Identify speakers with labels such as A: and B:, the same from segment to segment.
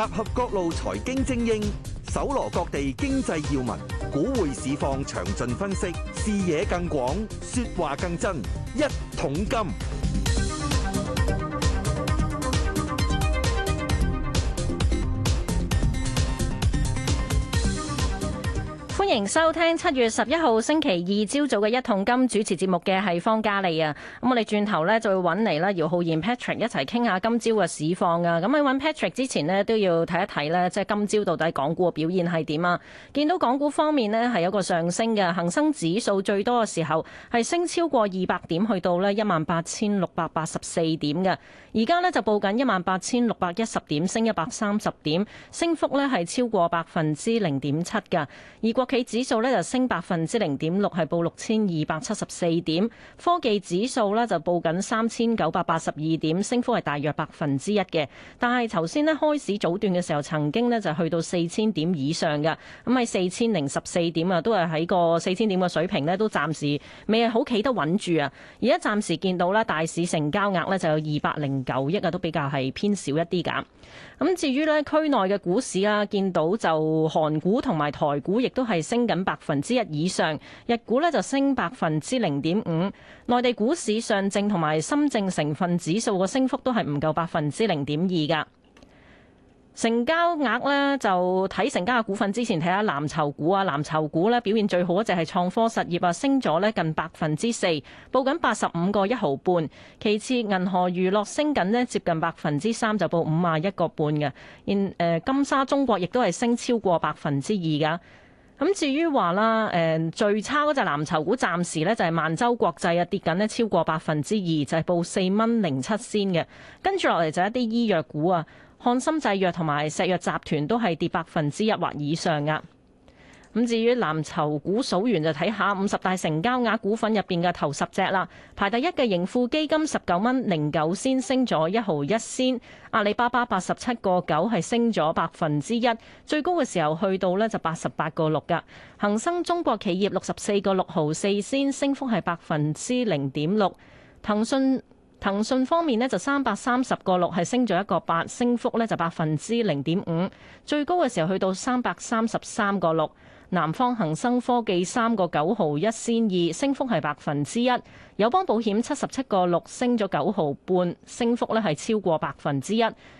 A: 集合各路財經精英，搜羅各地經濟要聞，股匯市況詳盡分析，視野更廣，説話更真，一桶金。
B: 歡迎收聽七月十一號星期二朝早嘅一桶金，主持節目嘅係方嘉莉啊，咁我哋轉頭呢，就會揾嚟啦，姚浩然 Patrick 一齊傾下今朝嘅市況啊！咁喺揾 Patrick 之前呢，都要睇一睇呢，即係今朝到底港股嘅表現係點啊？見到港股方面呢，係有個上升嘅，恒生指數最多嘅時候係升超過二百點，去到呢一萬八千六百八十四點㗎。而家呢，就報緊一萬八千六百一十點，升一百三十點，升幅呢係超過百分之零點七㗎，而國企。指數呢就升百分之零點六，係報六千二百七十四點。科技指數呢就報緊三千九百八十二點，升幅係大約百分之一嘅。但係頭先呢開始早段嘅時候，曾經呢就去到四千點以上嘅，咁喺四千零十四點啊，都係喺個四千點嘅水平咧，都暫時未係好企得穩住啊。而家暫時見到咧，大市成交額咧就有二百零九億啊，都比較係偏少一啲噶。咁至於咧區內嘅股市啊，見到就韓股同埋台股亦都係。升緊百分之一以上，日股咧就升百分之零點五。內地股市上證同埋深證成分指數個升幅都係唔夠百分之零點二噶。成交額咧就睇成交嘅股份，之前睇下藍籌股啊，藍籌股咧表現最好，就係創科實業啊，升咗呢近百分之四，報緊八十五個一毫半。其次，銀河娛樂升緊呢接近百分之三，就報五啊一個半嘅。現誒，金沙中國亦都係升超過百分之二噶。咁至於話啦，誒最差嗰隻藍籌股，暫時咧就係萬洲國際啊，跌緊咧超過百分之二，就係、是、報四蚊零七仙嘅。跟住落嚟就一啲醫藥股啊，漢森製藥同埋石藥集團都係跌百分之一或以上噶。咁至於藍籌股數完就睇下五十大成交額股份入邊嘅頭十隻啦。排第一嘅盈富基金十九蚊零九仙升咗一毫一仙，阿里巴巴八十七個九係升咗百分之一，最高嘅時候去到呢就八十八個六㗎。恒生中國企業六十四個六毫四仙，升幅係百分之零點六。騰訊，騰訊方面呢就三百三十個六係升咗一個八，升幅呢就百分之零點五，最高嘅時候去到三百三十三個六。南方恒生科技三個九毫一仙二，升幅係百分之一。友邦保險七十七個六，升咗九毫半，升幅咧係超過百分之一。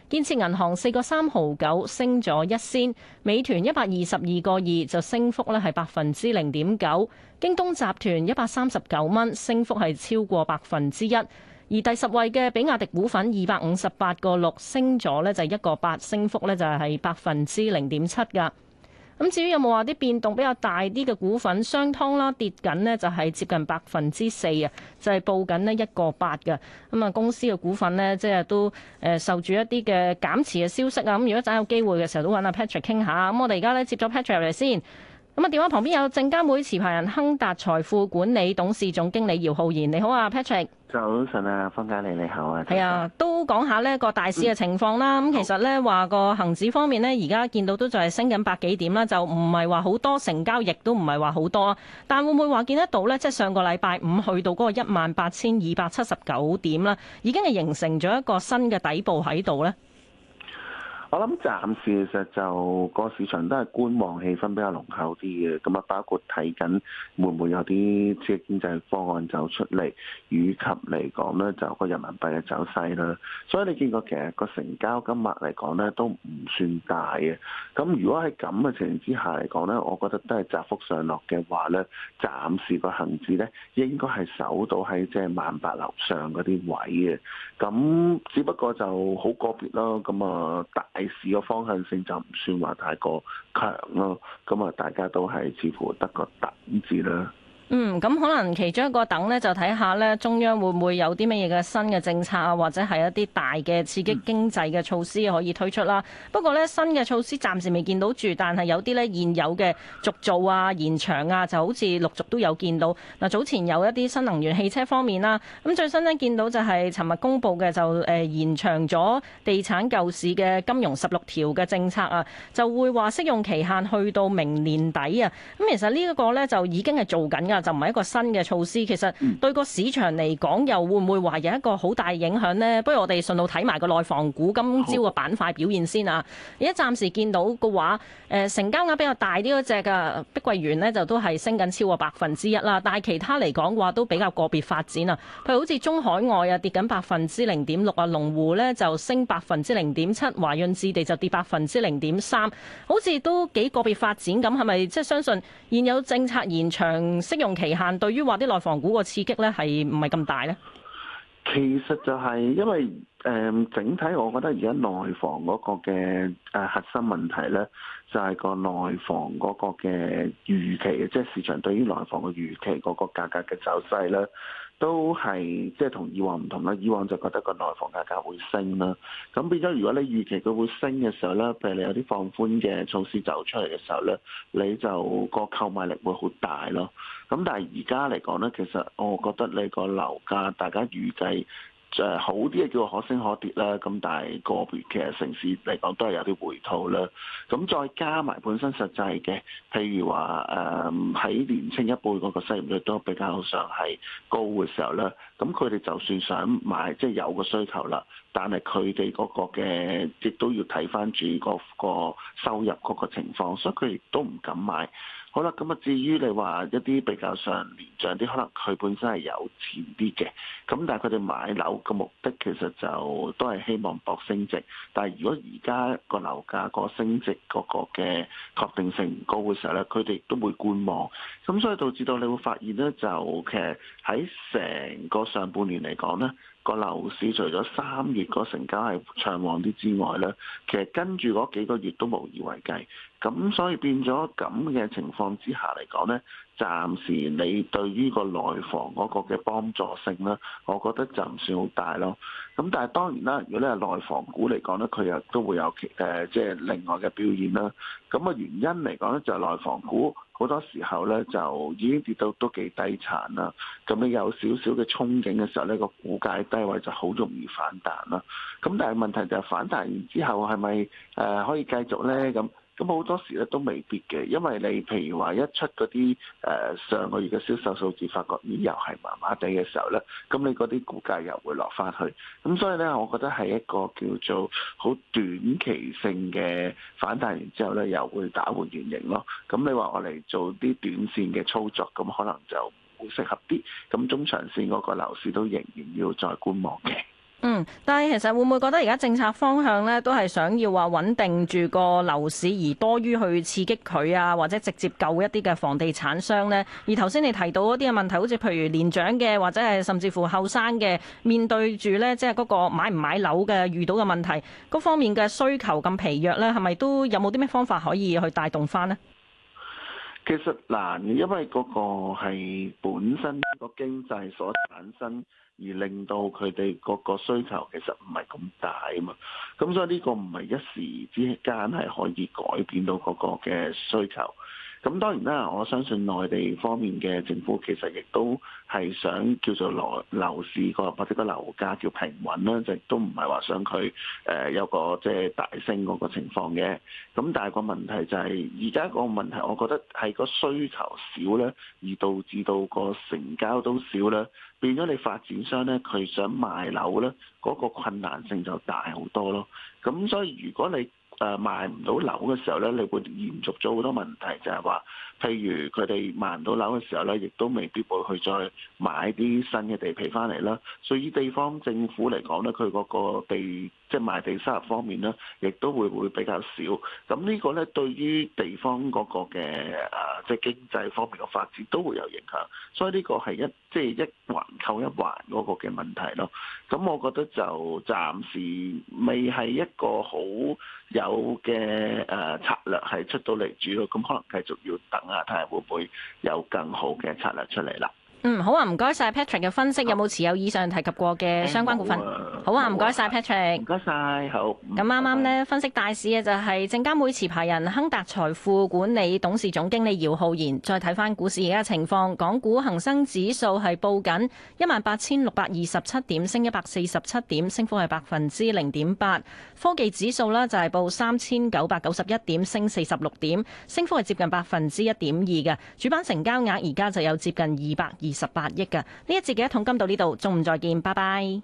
B: 建設銀行四個三毫九，升咗一仙。美團一百二十二個二，就升幅咧係百分之零點九。京東集團一百三十九蚊，升幅係超過百分之一。而第十位嘅比亞迪股份二百五十八個六，升咗咧就係一個八，升幅咧就係百分之零點七㗎。咁至於有冇話啲變動比較大啲嘅股份，雙湯啦跌緊呢就係、是、接近百分之四啊，就係報緊呢一個八㗎。咁啊公司嘅股份呢，即係都誒受住一啲嘅減持嘅消息啊咁、嗯、如果真有機會嘅時候都揾阿 Patrick 傾下咁、嗯、我哋而家呢，接咗 Patrick 入嚟先。咁啊，電話旁邊有證監會持牌人亨達財富管理董事總經理姚浩然，你好啊 Patrick。
A: 早晨啊，方嘉玲。你好啊。係啊，
B: 都講下呢個大市嘅情況啦。咁、嗯、其實呢，話個恒指方面呢，而家見到都就係升緊百幾點啦，就唔係話好多成交，亦都唔係話好多。但會唔會話見得到呢？即係上個禮拜五去到嗰個一萬八千二百七十九點啦，已經係形成咗一個新嘅底部喺度呢。
A: 我諗暫時其實就個市場都係觀望氣氛比較濃厚啲嘅，咁啊包括睇緊會唔會有啲即經濟方案走出嚟，以及嚟講咧就個人民幣嘅走勢啦。所以你見過其實個成交金額嚟講咧都唔算大嘅。咁如果喺咁嘅情形之下嚟講咧，我覺得都係窄幅上落嘅話咧，暫時個恒指咧應該係守到喺即萬八樓上嗰啲位嘅。咁只不過就好個別咯，咁啊市個方向性就唔算話太過強咯，咁啊大家都係似乎得個等字啦。
B: 嗯，咁可能其中一個等呢，就睇下呢中央會唔會有啲乜嘢嘅新嘅政策啊，或者係一啲大嘅刺激經濟嘅措施可以推出啦。不過呢，新嘅措施暫時未見到住，但係有啲呢現有嘅續做啊、延長啊，就好似陸續都有見到。嗱，早前有一啲新能源汽車方面啦、啊，咁最新呢見到就係尋日公布嘅就誒延長咗地產救市嘅金融十六條嘅政策啊，就會話適用期限去到明年底啊。咁其實呢一個呢，就已經係做緊㗎。就唔係一個新嘅措施，其實對個市場嚟講又會唔會話有一個好大影響咧？不如我哋順路睇埋個內房股今朝嘅板塊表現先啊！而家暫時見到嘅話誒、呃、成交額比較大啲嗰隻嘅碧桂園咧，就都係升緊超過百分之一啦。但係其他嚟講話都比較個別發展啊。譬如好似中海外啊跌緊百分之零點六啊，龍湖咧就升百分之零點七，華潤置地就跌百分之零點三，好似都幾個別發展咁，係咪即係相信現有政策延長適用？期限對於話啲內房股個刺激咧，係唔係咁大咧？
A: 其實就係因為誒整體，我覺得而家內房嗰個嘅誒核心問題咧。就係個內房嗰個嘅預期，即係市場對於內房嘅預期嗰個價格嘅走勢咧，都係即係同以往唔同啦。以往就覺得個內房價格會升啦，咁變咗如果你預期佢會升嘅時候咧，譬如你有啲放寬嘅措施走出嚟嘅時候咧，你就個購買力會好大咯。咁但係而家嚟講咧，其實我覺得你個樓價大家預計，誒好啲嘅叫可升可跌啦，咁但係個別嘅城市嚟講都係有啲回吐啦，咁再加埋本身實際嘅，譬如話誒喺年青一輩嗰個失業率都比較上係高嘅時候咧，咁佢哋就算想買，即係有個需求啦，但係佢哋嗰個嘅即都要睇翻住嗰個收入嗰個情況，所以佢亦都唔敢買。好啦，咁啊至於你話一啲比較上年長啲，可能佢本身係有錢啲嘅，咁但係佢哋買樓個目的其實就都係希望博升值。但係如果而家個樓價個升值個個嘅確定性唔高嘅時候咧，佢哋都會觀望。咁所以導致到你會發現咧，就其實喺成個上半年嚟講咧。個樓市除咗三月嗰成交係暢旺啲之外咧，其實跟住嗰幾個月都無以為繼，咁所以變咗咁嘅情況之下嚟講咧，暫時你對於個內房嗰個嘅幫助性咧，我覺得就唔算好大咯。咁但係當然啦，如果你係內房股嚟講咧，佢又都會有誒、呃、即係另外嘅表現啦。咁嘅原因嚟講咧，就係內房股。好多時候咧就已經跌到都幾低殘啦，咁你有少少嘅憧憬嘅時候咧，那個股價低位就好容易反彈啦。咁但係問題就係反彈完之後係咪誒可以繼續咧咁？咁好多時咧都未必嘅，因為你譬如話一出嗰啲誒上個月嘅銷售數字，發覺咦又係麻麻地嘅時候咧，咁你嗰啲股價又會落翻去。咁所以咧，我覺得係一個叫做好短期性嘅反彈，然之後咧又會打回原形咯。咁你話我嚟做啲短線嘅操作，咁可能就會適合啲。咁中長線嗰個樓市都仍然要再觀望嘅。
B: 嗯，但係其實會唔會覺得而家政策方向咧，都係想要話穩定住個樓市，而多於去刺激佢啊，或者直接救一啲嘅房地產商呢？而頭先你提到嗰啲嘅問題，好似譬如年長嘅或者係甚至乎後生嘅面對住呢，即係嗰個買唔買樓嘅遇到嘅問題，嗰方面嘅需求咁疲弱呢，係咪都有冇啲咩方法可以去帶動返呢？
A: 其實難嘅，因為嗰個係本身個經濟所產生，而令到佢哋嗰個需求其實唔係咁大啊嘛。咁所以呢個唔係一時之間係可以改變到嗰個嘅需求。咁當然啦，我相信內地方面嘅政府其實亦都係想叫做樓樓市個或者個樓價叫平穩啦，就亦都唔係話想佢誒有個即係大升嗰個情況嘅。咁但係個問題就係而家個問題，我覺得係個需求少咧，而導致到個成交都少咧，變咗你發展商咧，佢想賣樓咧，嗰、嗰個困難性就大好多咯。咁所以如果你，誒賣唔到樓嘅時候咧，你會延續咗好多問題，就係話，譬如佢哋賣唔到樓嘅時候咧，亦都未必會去再買啲新嘅地皮翻嚟啦。所以，以地方政府嚟講咧，佢嗰個地即係、就是、賣地收入方面咧，亦都會會比較少。咁呢個咧，對於地方嗰個嘅誒即係經濟方面嘅發展都會有影響。所以呢個係一即係、就是、一環扣一環嗰個嘅問題咯。咁我覺得就暫時未係一個好。有嘅誒策略係出到嚟主要，咁可能繼續要等下睇下會唔會有更好嘅策略出嚟啦。
B: 嗯，好啊，唔該晒 Patrick 嘅分析，有冇持有以上提及過嘅相關股份？好啊，唔該晒、啊、Patrick，唔該曬，好。咁啱啱呢拜拜分析大市嘅就係證監會持牌人亨達財富管理董事總經理姚浩然。再睇翻股市而家嘅情況，港股恒生指數係報緊一萬八千六百二十七點，升一百四十七點，升幅係百分之零點八。科技指數呢就係報三千九百九十一點，升四十六點，升幅係接近百分之一點二嘅。主板成交額而家就有接近二百二。二十八億㗎，呢一節嘅一桶金到呢度，中午再見，拜拜。